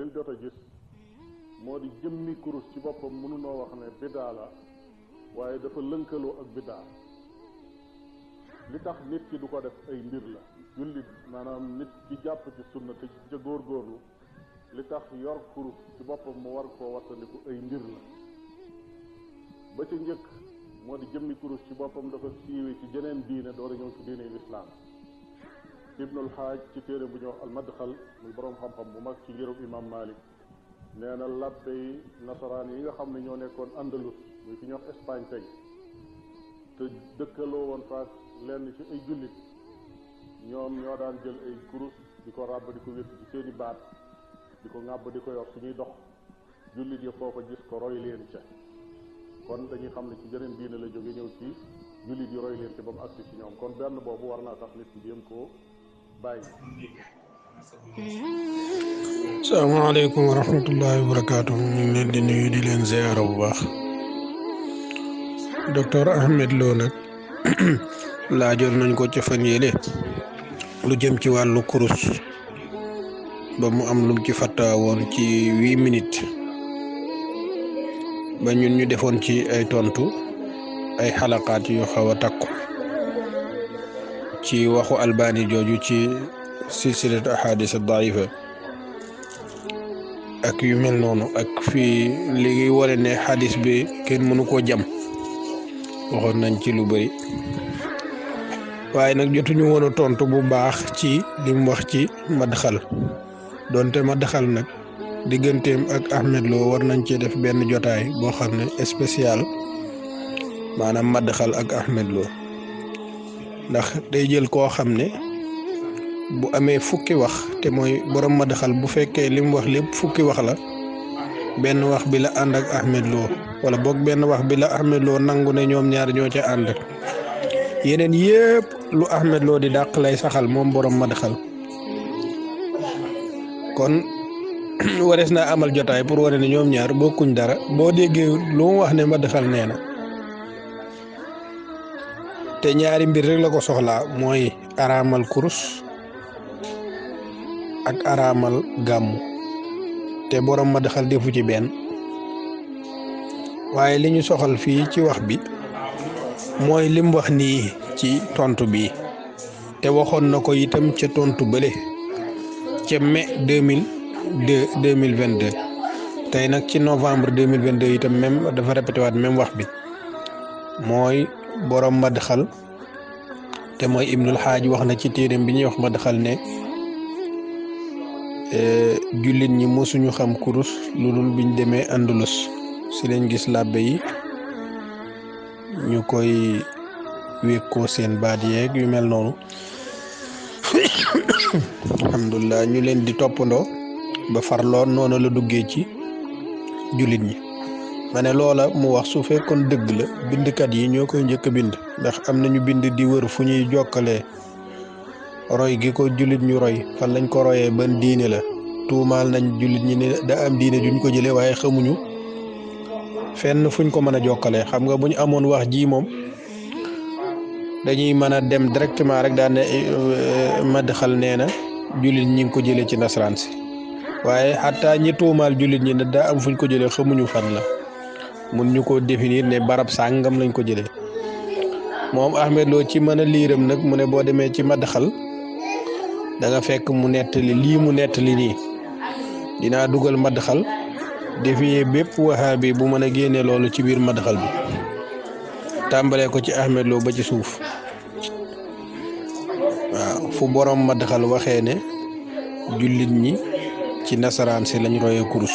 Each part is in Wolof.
leen jot a gis moo di jëmmi kurus ci boppam mënunoo wax ne biddaa la waaye dafa lënkaloo ak biddaa li tax nit ki du ko def ay mbir la jullit maanaam nit ki jàpp ci sunna te ca góorgóorlu li tax yor kurus ci boppam mu war koo wattandiku ay mbir la ba ca njëkk moo di jëmmi kurus ci boppam dafa siiwee ci jeneen diine door a ñëw ci diine lislaam ibnul haj ci téere bu ñëw al madkhal muy borom xam-xam bu mag ci ngirum imam malik neena labbe yi nasaran yi nga xam ne ñoo nekkoon andalus muy fi ñox espagne tay te dëkkaloo won faak lenn ci ay julit ñoom ñoo daan jël ay kurus diko ko diko di ci seeni baat diko ngab diko di ko yor suñuy dox julit yi ya foko gis ko roy leen ci kon dañuy xam ci jëreen diine la joge ñew ci julit yi roy leen ci bam ak ci ñoom kon benn bobu warna tax nit ci dem ko salaamaaleykum wa rahmatullahi wa barakaatu ñu ngi di nuyu di leen ziara bu baax docteur Ahmed loo nag laajoon nañ ko ca fan yële lu jëm ci wàllu kurus ba mu am lum ci fatta ci huit minit ba ñun ñu defoon ci ay tontu ay xalakaat yu xaw a takku. ci waxu albani jooju ci silsilatu ahadis daifa ak yu mel noonu ak fii léegi ware ne xadis bi kenn mënu koo jam waxoon nañ ci lu bari waaye nag jotuñu woon tontu bu baax ci lim wax ci madxal donte madxal nag digganteem ak Ahmed Lo war nañ cee def benn jotaay boo xam ne spécial maanaam madxal ak Ahmed Lo ndax day jël koo xam ne bu amee fukki wax te mooy borom madaxal bu fekkee lim mu wax lépp fukki wax la benn wax bi la ànd ak Ahmed Lo wala boog benn wax bi la Ahmed Lo nangu ne ñoom ñaar ñoo ca ànd yeneen yépp lu Ahmed Lo di dàq lay saxal moom borom madaxal kon warees naa amal jotaay pour wane ne ñoom ñaar bokkuñ dara boo déggee lu mu wax ne madaxal nee na. te ñaari mbir rek la ko soxlaa mooy araamal kurus ak araamal gàmmu te boroom ma daxal defu ci benn waaye li ñu soxal fii ci wax bi mooy lim wax nii ci tontu bi te waxoon na ko itam ca tontu bële ca mai deux mille deux deux mille vingt deux tey nag ci novembre deux mille vingt deux itam même dafa répété waat même wax bi mooy. borom madxal te mooy ibnul xaaj wax na ci téeréem bi ñuy wax madxal ne e, jullit ñi mosuñu xam kurus lu dul biñ demee andalus si lañ gis làbbe yi ñu koy wékkoo seen baat yeeg yu mel noonu alhamdulilah ñu leen di toppandoo ba farloon noonu la duggee ci jullit ñi ma ne loola mu wax su fekkoon dëgg la bindkat yi ñoo koy njëkk a bind ndax am nañu bind di wër fu ñuy jokkalee roy gi ko jullit ñu roy fan lañ ko royee ban diine la tuumaal nañ jullit ñi ne da am diine duñ ko jëlee waaye xamuñu fenn fuñ ko mën a jokkalee xam nga bu ñu amoon wax ji moom dañuy mën a dem directement rek daan ne eh, eh, xal nee na jullit ñi ngi ko jëlee ci nasaraan si waaye xataa ñi tuumaal jullit ñi daa am fuñ ko jëlee xamuñu fan la. mun ñu ko définir ne barab sàngam lañ ko jële moom Ahmed Lo ci mën a liiram nag mu ne boo demee ci madaxal da nga fekk mu nettali lii mu nettali nii dinaa dugal madaxal définir bépp wahabi bu mën a génne loolu ci biir madaxal bi tàmbalee ko ci Ahmed Lo ba ci suuf waaw fu borom madaxal waxee ne jullit ñi ci nasaraan si lañ royee kurus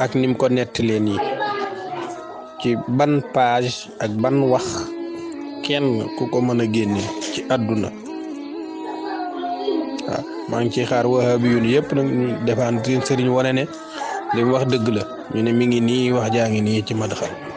ak nim ko nettalee nii ci ban page ak ban wax kenn ku ko mën a génne ci àdduna waaw ah, maa ngi ciy xaar wahabi yun yëpp nag ñu defaan seen sëriñ wane ne li wax dëgg la ñu ne mi ngi nii wax jaa ngi nii ci madxal